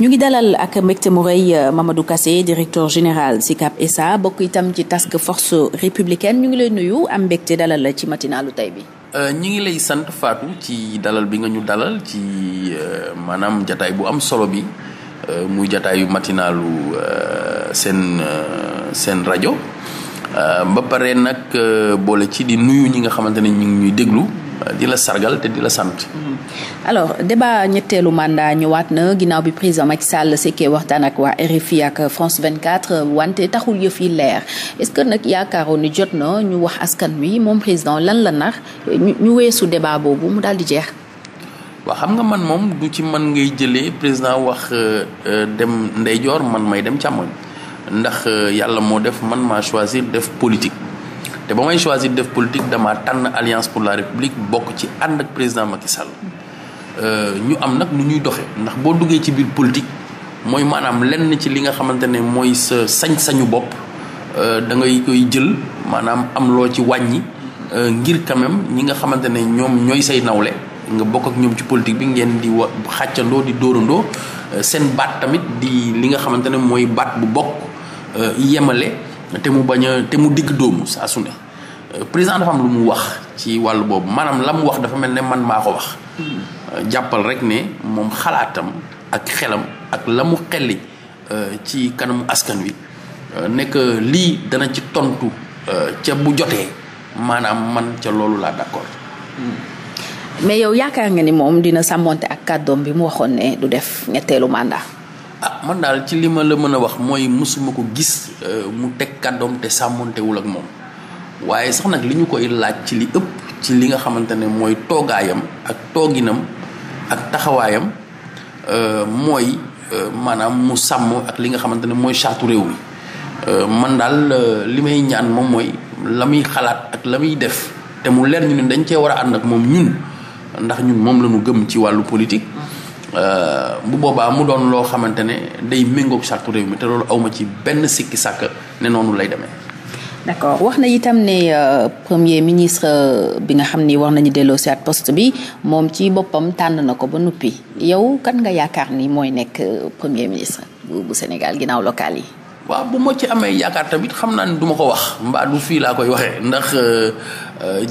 ñu ngi dalal ak mbégte mu rëy euh, Mamadou kase directeur général SICAP SA bokk itam ci task force républicaine ñu ngi lay nuyu am mbégte dalal la ci matinalu tey bi. Euh, ñi ngi lay sant Fatou ci dalal bi nga ñu dalal ci euh, maanaam jataay bu am solo bi muy jataayu matinalu seen seen rajo ba pare nag boole ci di nuyu ñi nga xamante ne ñu ngi ñuy déglu. di la sargal te di la sant. Mm-hmm. alors débat ñetteelu mandat ñëwaat na ginnaaw bi président Macky Sall sekkee waxtaan ak waa RFI ak France 24 wante taxul yëf yi leer est-ce que nag yaakaaroon ni jot na ñu wax askan wi moom président lan la nar ñu weesu débat boobu mu daal di jeex. waa xam nga man moom du ci man ngay jëlee président wax euh, euh, dem ndeyjoor man may dem càmmoñ ndax euh, yàlla moo def man maa choisir def politique. te ba may choisir def politique dama tànn alliance pour la république bokk ci ànd ak président Macky Sall euh, ñu am nag lu ñuy doxee ndax boo duggee ci biir politique mooy maanaam lenn ci li nga xamante ne mooy sa sañu bopp euh, da ngay koy jël maanaam am loo ci wàññi euh, ngir quand même ñi nga xamante ne ñoom ñooy say nawle nga bokk ak ñoom ci politique bi ngeen di wa xàccandoo di dóorandoo seen baat tamit di li nga xamante ne mooy baat bu bokk yemale te mu bañ a te mu digg dóomu saa su président dafa am lu mu wax ci wàllu boobu maanaam la mu wax dafa mel ne man maa ko wax. Hmm. jàppal rek ne moom xalaatam ak xelam ak la mu xelli euh, ci kanamu askan wi euh, nekk lii dana ci tontu euh, ca bu jotee maanaam man ca loolu laa d'accord. Hmm. mais yow yaakaar nga ni moom dina sàmmoonte ak kàddoom bi mu waxoon ne du def ñetteelu màndaa ah man daal ci li ma la mën a wax mooy mosuma ko gis mu teg kàddoom te sàmmontewul ak moom. waaye sax nag li ñu koy laaj ci li ëpp ci li nga xamante ne mooy toogaayam ak tooginam ak taxawaayam euh, mooy euh, maanaam mu sàmm ak li nga xamante ne mooy charte réew mi euh, man daal li may ñaan moom mooy la muy xalaat ak la muy def te mu leer ñu ne dañ cee war a ànd ak moom ñun ndax ñun moom la ñu gëm ci wàllu politique bu boobaa mu doon loo xamante ne day méngoog charte réew mi te loolu awma ci benn sikki sàkk ne noonu lay demee d'accord wax na itam ne euh, premier ministre euh, bi nga xam ni wax nañu delloo si at poste bi moom ci boppam tànn na ko ba nuppi yow kan nga yaakaar ni mooy nekk euh, premier ministre bu bu Sénégal ginnaaw local yi. waaw bu ma ci amee yaakaar tamit xam naa ne duma ko wax mbaa du fii laa koy waxee ndax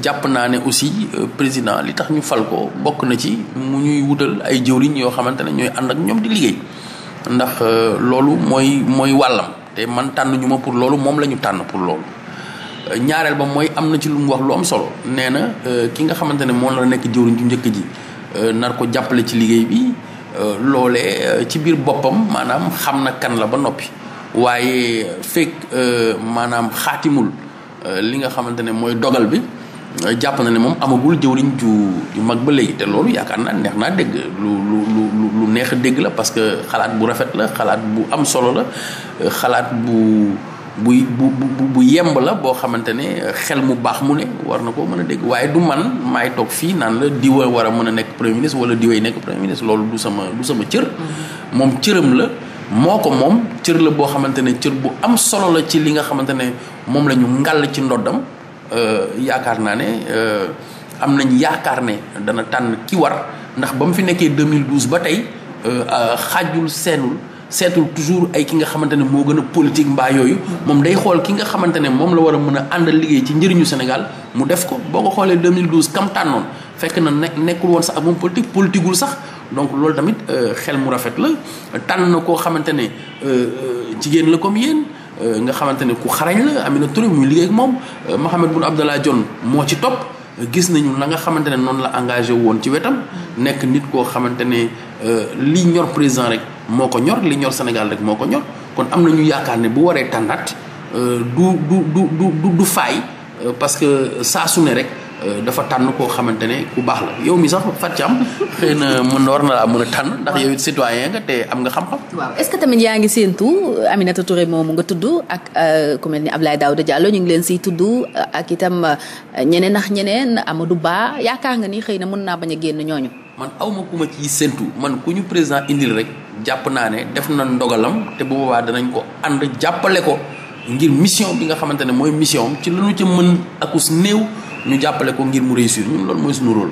jàpp naa ne aussi président li tax ñu fal ko bokk na ci mu ñuy wutal ay jëwriñ yoo xamante ne ñooy ànd ak ñoom di liggéey ndax loolu mooy mooy wàllam te man tànn ñu ma pour loolu moom la ñu tànn pour loolu. ñaareel ba mooy am na ci lu mu wax lu am solo nee na euh, ki nga xamante ne moom la nekk jëwriñ ju njëkk ji euh, nar ko jàppale ci liggéey bi euh, loole ci biir boppam maanaam xam na kan la ba noppi waaye fekk maanaam xaatimul li nga xamante ne mooy dogal bi jàpp na ne moom amagul jëwriñ ju ju mag ba léegi te loolu yaakaar naa neex naa dégg lu lu lu lu neex a dégg la parce que xalaat bu rafet la xalaat bu am solo la xalaat bu. buy bu bu bu yemb la boo xamante ne euh, xel mu baax mu ne war na koo mën a dégg waaye du man maay toog fii naan la diwa war a mën a nekk premier ministre wala diwa yi nekk premier ministre loolu du sama du sama cër. Mm-hmm. moom cëram la moo ko moom cër la boo xamante ne cër bu am solo la ci li nga xamante ne moom la ñu ngàll ci ndoddam euh, yaakaar naa ne euh, am nañ yaakaar ne dana tànn ki war ndax ba mu fi nekkee 2012 ba tey xaajul seenul. seetul toujours ay ki nga xamante ne moo gën a politique mbaa yooyu moom day xool ki nga xamante ne moom la war a mën a àndal liggéey ci njariñu Sénégal mu def ko boo ko xoolee 2012 kam tànnoon fekk na ne nekkul woon sax ak moom politique sax donc loolu tamit euh, xel mu rafet la tànn na koo xamante ne euh, euh, jigéen la comme yéen nga xamante ne ku xarañ la Amina Touré muy liggéey ak moom Mahammed Boun Abdallah Dionne moo ci topp gis nañu la nga xamante ne noonu la engagé woon ci wetam nekk nit koo xamante ne li ñor président rek moo ko ñor li ñor Sénégal rek moo ko ñor kon am na nañu yaakaar ne bu waree tànnaat euh, du du du du du faay euh, parce que saa su ne rek euh, dafa tànn koo xamante ne ku baax la yow mi sax Fatou Thiam xëy na mën na na laa a tànn. ndax yow it citoyen te am nga xam-xam. waaw ce que tamit yaa ngi séentu Aminata Touré moom nga tudd ak ku mel ni Abdoulaye Daouda Diallo ñu ngi leen siy tudd ak itam ñeneen nax ñeneen ama du Ba yaakaar nga ni xëy na mën naa bañ a génn ñooñu. man aw ma ku ma ciy séentu man ku ñu président indil rek. jàpp naa ne def na ndogalam te bu boobaa danañ ko ànd jàppale ko ngir mission bi nga xamante ne mooy mission am ci lu ñu ca mën akus néew ñu jàppale ko ngir mu réussir ñun loolu mooy suñu rôle.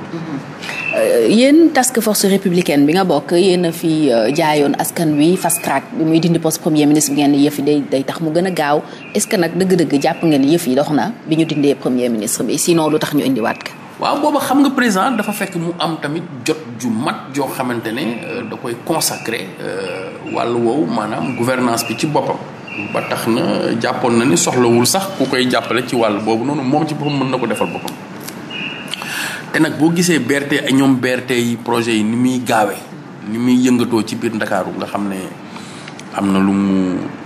Euh, yéen task force républicaine bi nga bokk yéen a fi euh, jaayoon askan wi fast track bi muy dindi poste premier ministre bi ngeen yëf yi day day tax mu gën a gaaw est-ce que nag dëgg-dëgg jàpp ngeen yëf yi dox na bi ñu dindee premier ministre bi sinon lu tax ñu indiwaat ko. waaw booba xam nga président dafa fekk mu am tamit jot ju mat joo xamante ne euh, da koy consacré euh, wàllu woow maanaam gouvernance bi ci boppam ba tax na jàppoon na ni soxlawul sax ku koy jàppale ci wàll boobu noonu moom ci boppam mën na ko defal boppam te nag boo gisee BRT ak ñoom BRT yi projet yi ni muy gaawee ni muy yëngatoo ci biir Ndakaaru nga xam ne am na lu mu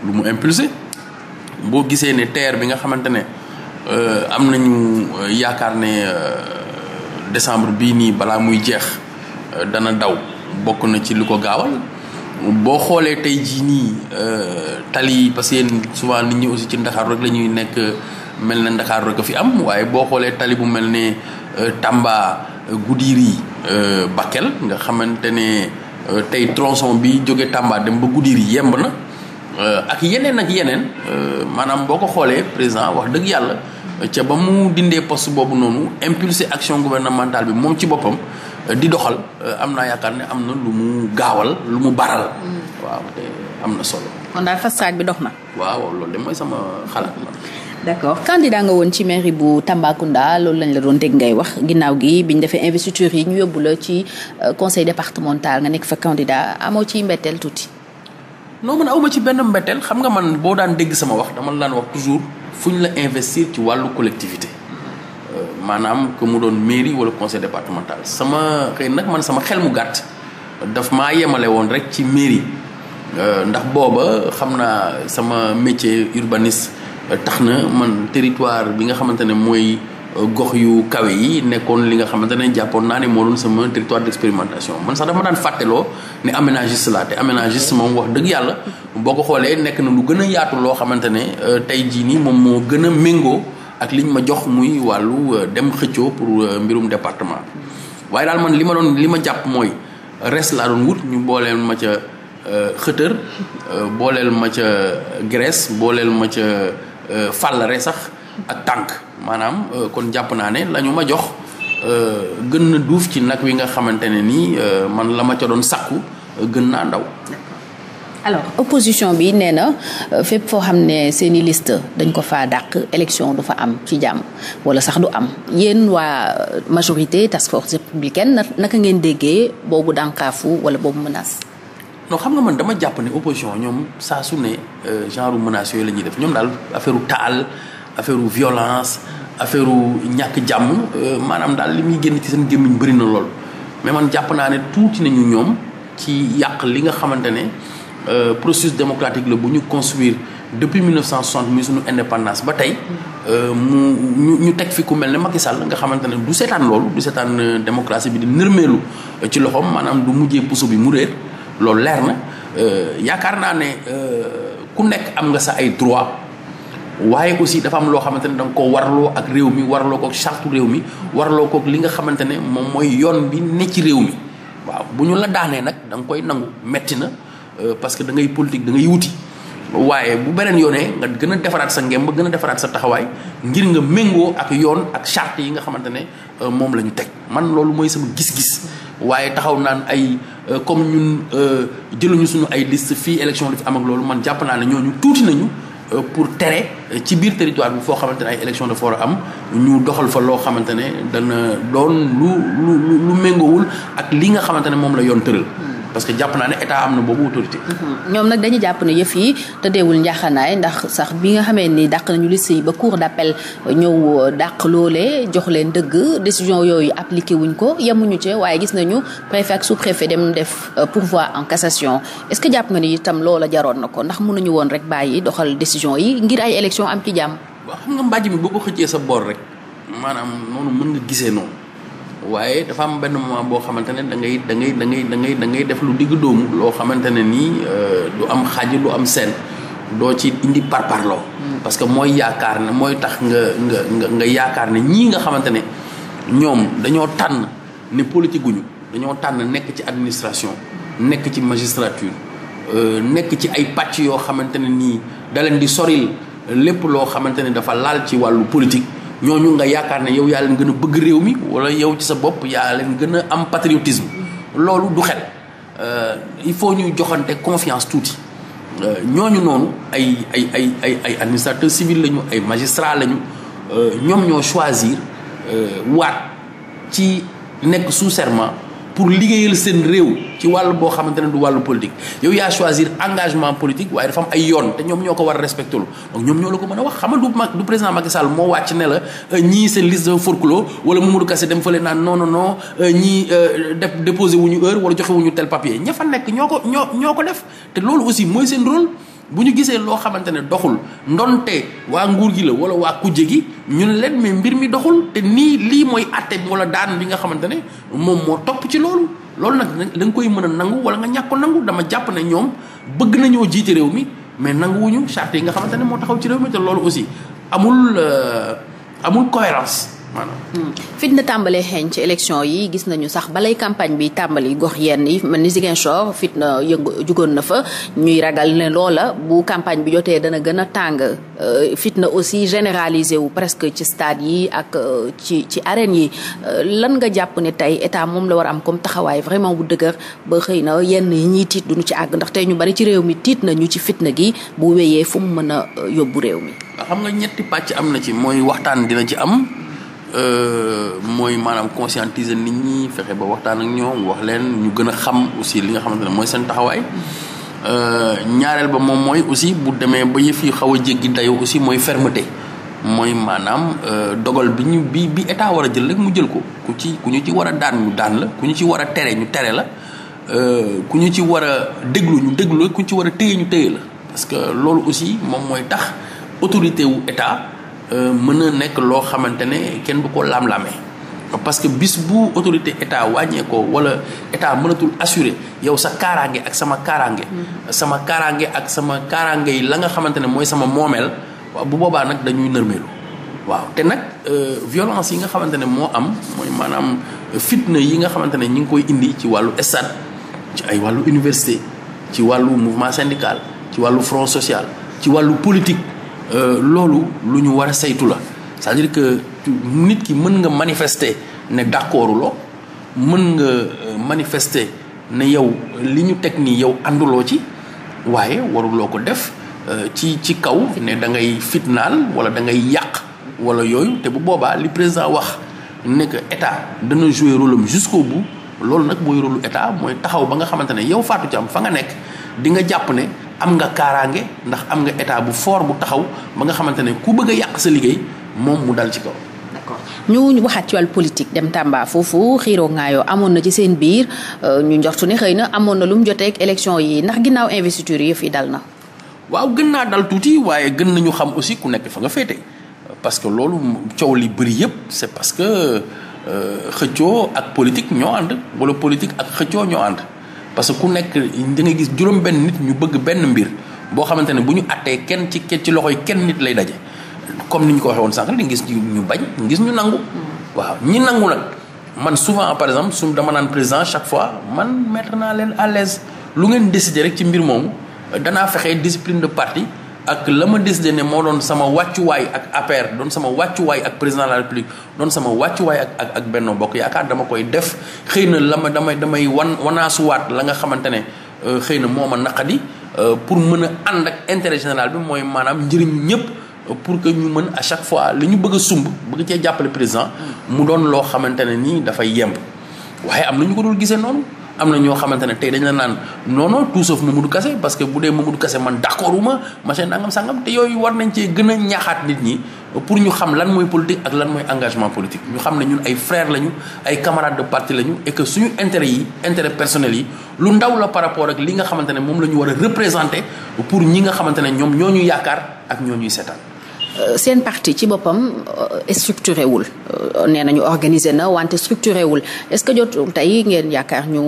lu mu impulsé boo gisee ne TER bi nga xamante ne euh, am nañu yaakaar ne décembre bii nii balaa muy jeex euh, dana daw bokk na ci lu ko gaawal boo xoolee tey jii nii euh, tali yi parce que yéen souvent nit ñi aussi ci Ndakaaru rek la nekk mel na Ndakaaru rek a fi am waaye boo xoolee tali bu mel ne euh, Tamba Goudiri Bakel nga xamante ne tey tronson bi jóge Tamba dem ba Goudiri yemb na ak yeneen ak yeneen maanaam boo ko xoolee président wax dëgg yàlla. ca ba mu dindee post boobu noonu impulsé action gouvernementale bi moom ci boppam euh, di doxal euh, am naa yaakaar ne am na lu mu gaawal lu mu baral. Mm. waaw te am na solo. kon daal fast track bi dox na. waaw loolu de mooy sama xalaat man. d'accord candidat nga woon ci mairie bu Tambacounda loolu lañ la doon dégg ngay wax ginnaaw gi biñ defee investiture yi ñu yóbbu la ci euh, conseil départemental nga nekk fa candidat amoo ci mbetteel tuuti. non man awma ci benn mbetteel xam nga man boo daan dégg sama wax dama la daan wax fu ñu la investir ci wàllu collectivité euh, maanaam que mu doon mairie wala conseil départemental sama xëy nag man sama xel mu gàtt dafa maa yemale woon rek ci mairie euh, ndax booba xam naa sama métier urbaniste euh, tax na man territoire bi nga xamante ne mooy gox yu kawe yi nekkoon li nga xamante ne jàppoon naa ne moo doon sama territoire d'expérimentation man sax dafa daan fàtteloo ne aménagiste laa te aménagiste moom wax dëgg yàlla boo ko xoolee nekk na lu gën a yaatu loo xamante ne euh, tey jii nii moom moo gën a méngoo ak liñ ma jox muy wàllu euh, dem xëccoo pour euh, mbirum département waaye daal man li ma doon li ma jàpp mooy res laa doon wut ñu booleel ma ca xëtër booleel ma ca Grèce booleel ma ca fàllare sax ak tànk maanaam euh, kon jàpp naa ne lañu ma jox euh, gën na duuf ci nag wi nga xamante ne nii euh, man la ma ca doon sàkku gën naa ndaw. alors opposition bi nee na fépp foo xam ne seeni liste dañ ko faa dàq élection du fa am ci jàmm wala sax du am yéen waa majorité task force républicaine naka ngeen déggee boobu dànkaafu wala boobu menace. non xam nga man dama jàpp ne opposition ñoom saa su ne genre menace yooyu la ñuy def ñoom daal affaire taal. affaire u violence affaire u ñàkk jàmm euh, maanaam daal li muy génn ci seen gémmiñ bëri na lool mais man jàpp naa ne tuuti nañu ñoom ci yàq li nga xamante ne euh, processus démocratique la bu ñu construire depuis 1960 muy suñu indépendance ba tey euh, mu ñu teg fi ku mel ne Macky Sall nga xamante ne du seetaan lool du seetaan démocratie bi di nërmeelu ci loxoom maanaam du mujjee puso bi mu réer loolu leer na yaakaar naa ne ku nekk am nga sa ay droit waaye aussi dafa am loo xamante ne danga ko warloo ak réew mi warloo ko sartu réew mi warloo ko li nga xamante ne moom mooy yoon bi ne ci réew mi waaw bu ñu la daanee nag da nga koy nangu metti na euh, parce que da ngay politique da ngay wuti waaye bu beneen yoonee nga gën a defaraat sa ngem ba gën a defaraat sa taxawaay ngir nga méngoo ak yoon ak charte yi nga xamante ne euh, moom la ñu teg man loolu mooy sama gis-gis waaye taxaw naan ay euh, comme ñun jëluñu suñu ay liste fii élection li fi am ak loolu man jàpp naa ne ñooñu tuuti nañu Euh, pour tere euh, ci biir territoire bi foo xamante ne ay élection dafa war am ñu doxal fa loo xamante ne dana doon lu lu lu méngowul ak li nga xamante ne moom la yoon tëral parce que jàpp naa ne état am na boobu autorité. Mhm. ñoom nag dañu jàpp ne yëf yi tëddeewul njaaxanaay ndax sax bi nga xamee ni dàq nañu liste yi ba cour d'appel ñëw euh, dàq loolee jox leen dëgg décision yooyu appliqué wuñ ko yemuñu ci waaye gis nañu préfet ak sous-préfet dem def euh, pourvoi en cassation est-ce que jàpp nga ni tam loola jaroon na ko ndax mun nañu woon rek bàyyi doxal décision yi ngir ay élection am ci jàmm. waaw xam nga mbàjj mi boo rek waaye dafa am benn moment boo xamante ne da ngay da da ngay da ngay da ngay def lu digg dóomu loo xamante ne nii euh, du am xaaji du am seen doo ci indi parparloo mm. parce que mooy yaakaar ne mooy tax nga nga nga nga yaakaar ne ñii nga xamante ne ñoom dañoo tànn ne politique guñu dañoo tànn nekk ci administration nekk ci magistrature euh, nekk ci ay pàcc yoo xamante ne nii daleen di soril lépp loo xamante ne dafa laal ci wàllu politique ñooñu nga yaakaar nañ yow yaa leen gën a bëgg réew mi wala yow ci sa bopp yaa leen gën a am patriotisme loolu du xel euh, il faut ñu joxante confiance tuuti euh, ñooñu noonu ay ay ay ay ay administrateur civil lañu ay magistrat lañu euh, ñoom ñoo choisir waat ci nekk sous serment pour liggéeyal seen réew ci wàll boo xamante ne du wàll politique yow yaa choisir engagement politique waaye dafa am ay yoon te ñoom ñoo ko war a respecté lu donc ñoom ñoo la ko mën a wax xam nga du ma du président Macky Sall moo wàcc ne la euh, ñii seen liste de forclos wala Mamadou Kassé dem fële naan non non non euh, ñii euh, def déposé wuñu heure wala joxe wuñu tel papier ña fa nekk ñoo ko ñoo ñoo ko def te loolu aussi mooy seen rôle bu ñu gisee loo xamante ne doxul ndonte waa nguur gi la wala waa kujje gi ne leen mais mbir mi doxul te nii lii mooy atte bi wala daan bi nga xamante ne moom moo topp ci loolu loolu nag da koy mën a nangu wala nga ñàkk ko nangu dama jàpp ne ñoom bëgg nañoo jiite réew mi mais nanguwuñu charte yi nga xamante ne moo taxaw ci réew mi te loolu aussi amul euh, amul cohérence maanaam. Hmm. fitna tàmbalee xeeñ ci élection yi gis nañu sax balay campagne bi tàmbali gox yenn yi mel ni Ziguinchor fitna yëngu jugoon na fa ñuy ragal ne loola bu campagne bi jotee dana gën a tàng euh, fitna aussi généralisé wu presque ci stade yi ak euh, ci ci arène yi euh, lan nga jàpp ne tey état moom la war a am comme taxawaay vraiment bu dëgër ba xëy na yenn yi ñuy tiit duñu ci àgg ndax tey ñu bari ci réew mi tiit nañu ci fitna gi bu wéyee fu mu mën a yóbbu réew mi. xam nga ñetti pàcc am na ci mooy waxtaan dina ci am. Euh, mooy maanaam conscientiser nit ñi fexe ba waxtaan ak ñoom wax leen ñu gën a xam aussi li nga xamante ne mooy seen taxawaay euh, ñaareel ba moom mooy aussi bu demee ba yëf yi xaw a jéggi dayoo aussi mooy fermeté mooy maanaam euh, dogal bi ñu bi bi état war a jël rek mu jël ko ku ci ku ñu ci war a daan ñu daan la ku ñu ci war a tere ñu tere la ku ñu ci war a déglu ñu déglu ku ñu ci war a téye ñu téye la parce que loolu aussi moom mooy tax autorité wu état. Euh, mën na nekk loo xamante ne kenn du ko lam-lamee parce que bis bu autorité état wàññeekoo wala état mënatul assurer yow sa kaaraange ak sama kaaraange. Mm-hmm. sama kaaraange ak sama kaaraange yi la nga xamante ne mooy sama moomeel bu boobaa nag dañuy nërmeelu waaw te nag euh, violence yi nga xamante ne moo am mooy maanaam fitna yi nga xamante ne ñu ngi koy indi ci wàllu stade ci ay wàllu université ci wàllu mouvement syndical ci wàllu front social ci wàllu politique. Euh, loolu lu ñu war a saytu la c'est-à-dire que nit ki mën nga manifester ne d'accord loo mën nga euh, manifester ne yow li ñu teg nii yow ànduloo ci waaye waruloo ko def euh, ci ci kaw ne da ngay fitnaal wala da ngay yàq wala yooyu te bu boobaa li président wax ne que état dana jouer rôle am jusqu'au loolu nag booy rôle lu état mooy taxaw ba nga xamante ne yow Fatou am fa nga nekk di nga jàpp ne. am nga kaaraange ndax am nga état bu foor bu taxaw ba nga xamante ne ku bëgg yàq sa liggéey moom mu dal ci ko d'accord ñu waxaat ci wàllu politique dem Tamba foofu xiiroo ngaayoo amoon na ci seen biir euh, ñu njortu ne xëy na amoon na lum mu jotee élection yi ndax ginnaaw investiture yi fi dal na. waaw gën naa dal tuuti waaye gën nañu xam aussi ku nekk fa nga féete parce que loolu coow li bëri yëpp c'est parce que euh, xëccoo ak politique ñoo ànd wala politique ak xëccoo ñoo ànd. parce que ku nekk dangay gis juróom benn nit ñu bëgg benn mbir boo xamante ne bu ñu attee kenn ci ci loxo yi kenn nit lay daje comme ni ñu ko waxee woon sànq di ngis ñu bañ ngis ñu nangu. Mm. waaw ñi nangu nag man souvent par exemple su dama naan président chaque fois man mettre naa leen à l'aise lu ngeen décider rek ci mbir moomu danaa fexe discipline de parti. ak la ma décidé ne moo doon sama wàccuwaay ak APR doon sama wàccuwaay ak président de la doon sama wàccuwaay ak ak ak Benno Bokk Yaakaar dama koy def xëy na la ma damay damay wan wanaasuwaat la nga xamante ne euh, xëy na moo ma naqadi euh, pour mën a ànd ak intere général bi mooy maanaam njëriñ ñëpp pour que ñu mën a chaque fois li ñu bëgg a sumb bëgg cee jàppale président mu doon loo xamante ne nii dafay yemb waaye am na ñu ko dul gisee noonu. am na ñoo xamante ne tey dañ la naan non non tout sauf Mamadou Kassé parce que bu dee Mamadou Kassé man d'accord wu ma machin nangam sangam te yooyu war nañ cee gën a ñaaxaat nit ñi pour ñu xam lan mooy politique ak lan mooy engagement politique ñu xam ne ñun ay frères lañu ay camarades de parti lañu et que suñu intérêt yi intérêt personnel yi lu ndaw la par rapport ak li nga xamante ne moom la ñu war a représenter pour ñi nga xamante ne ñoom ñoo ñu yaakaar ak ñoo ñuy seetaan. Euh, seen partie ci boppam euh, structuré wul euh, nee nañu organisé na wante structuré wul est-ce que jotul tey ngeen yaakaar ñu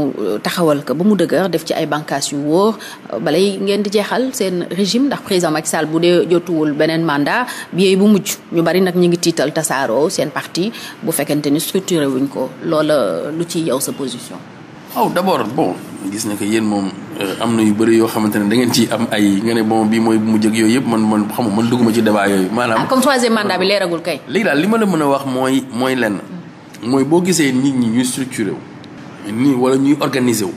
taxawal ko ba mu dëgër def ci ay bànqaas yu wóor balay ngeen di jeexal seen régime ndax président Macky Sall bu dee jotuwul beneen mandat bi bu mujj ñu bari nag ñu ngi tiital tasaaroo seen parti bu fekkente ni structuré wuñ ko loola lu ci yow sa position. waaw oh, d'abord bon gis na que yéen moom. Euh, am na yu bëri yoo xamante ne da ngeen ci am ay nga ne bon bii mooy bu mu jeg yooyu yëpp man man xamu man dugguma ci débat yooyu maanaam ah, comme troisième mandat bi leeragul kay léegi daal li ma la mën a wax mooy mooy lenn mooy boo gisee nit ñi ñuy structuré wu nii wala ñuy organisé wu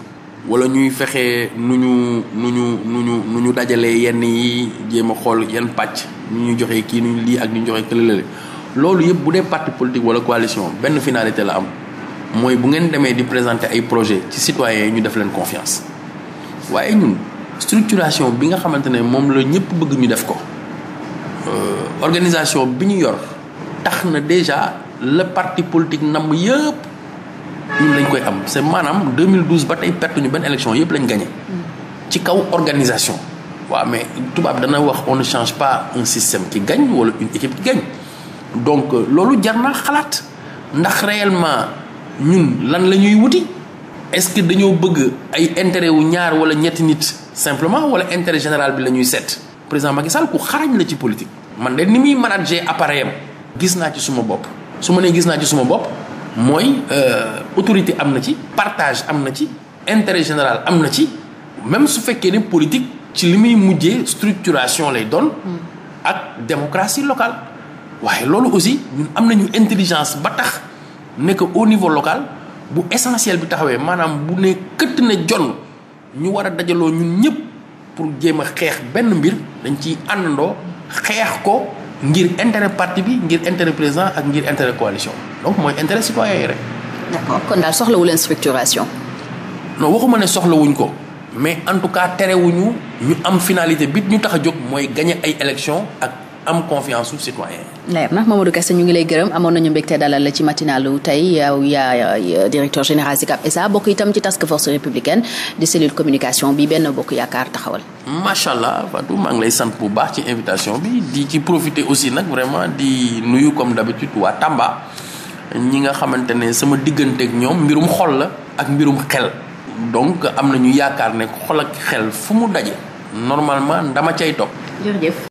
wala ñuy fexe nu ñu nu ñu nu ñu nu ñu dajalee yenn yi jéem a xool yan pàcc nu ñuy joxee kii nuñu lii ak ñu joxee këlalale loolu yëpp bu dee parti politique wala coalition benn finalité la am mooy bu ngeen demee di présenter ay projet ci citoyens yi ñu def leen waaye ñun structuration bi nga xamante ne moom la ñëpp bëgg ñu def ko euh, organisation bi ñu yor tax na déjà la parti politique namm yëpp ñun lañ koy am c'est maanaam 2012 ba tey perte ñu benn élection yëpp lañ gagné. ci kaw organisation. waaw mais tubaab dana wax on ne change pas un système qui gañ wala une équipe qui gagne donc euh, loolu jar naa xalaat ndax réellement ñun lan la ñuy wuti. est-ce que dañoo bëgg ay intérêt wu ñaar wala ñetti nit simplement wala intérêt général bi la ñuy seet président Macky Sall ku xarañ la ci politique. man de ni muy manager appareil am gis naa ci suma bopp su ma nee gis naa ci suma bopp mooy euh, autorité am na ci partage am na ci intérêt général am na ci même su fekkee ne politique ci li muy mujjee structuration lay doon. Hmm. ak démocratie locale. waaye loolu aussi ñun am nañu intelligence ba tax ne au niveau local. bu essentiel bi taxawee maanaam bu ne këtt na jonn ñu war a dajaloo ñun ñëpp pour jéem a xeex benn mbir dañ ci àndandoo xeex ko ngir intérêt parti bi ngir intérêt président ak ngir intérêt coalition donc mooy intérêt citoyen yi rek. d'accord kon daal soxlawu leen structuration. non waxuma ne soxlawuñ ko mais en tout cas terewuñu ñu am finalité bi ñu tax a jóg mooy gagner ay élections ak. am confiance su citoyen leer na Mamadou Kassé ñu ngi lay gërëm amoon nañu mbégte dalal la ci matinalu tey yow yaa euh, directeur général SICAP SA bokk itam ci task force républicaine di cellule communication bi benn bokk yaakaar taxawal. macha allah Fatou maa ngi lay sant bu baax ci invitation bi di ci profiter aussi nag vraiment di nuyu comme d'habitude waa Tamba ñi nga xamante ne sama diggante ak ñoom mbirum xol la ak mbirum xel. donc am na ñu yaakaar ne xol ak xel fu mu daje normalement dama cay topp.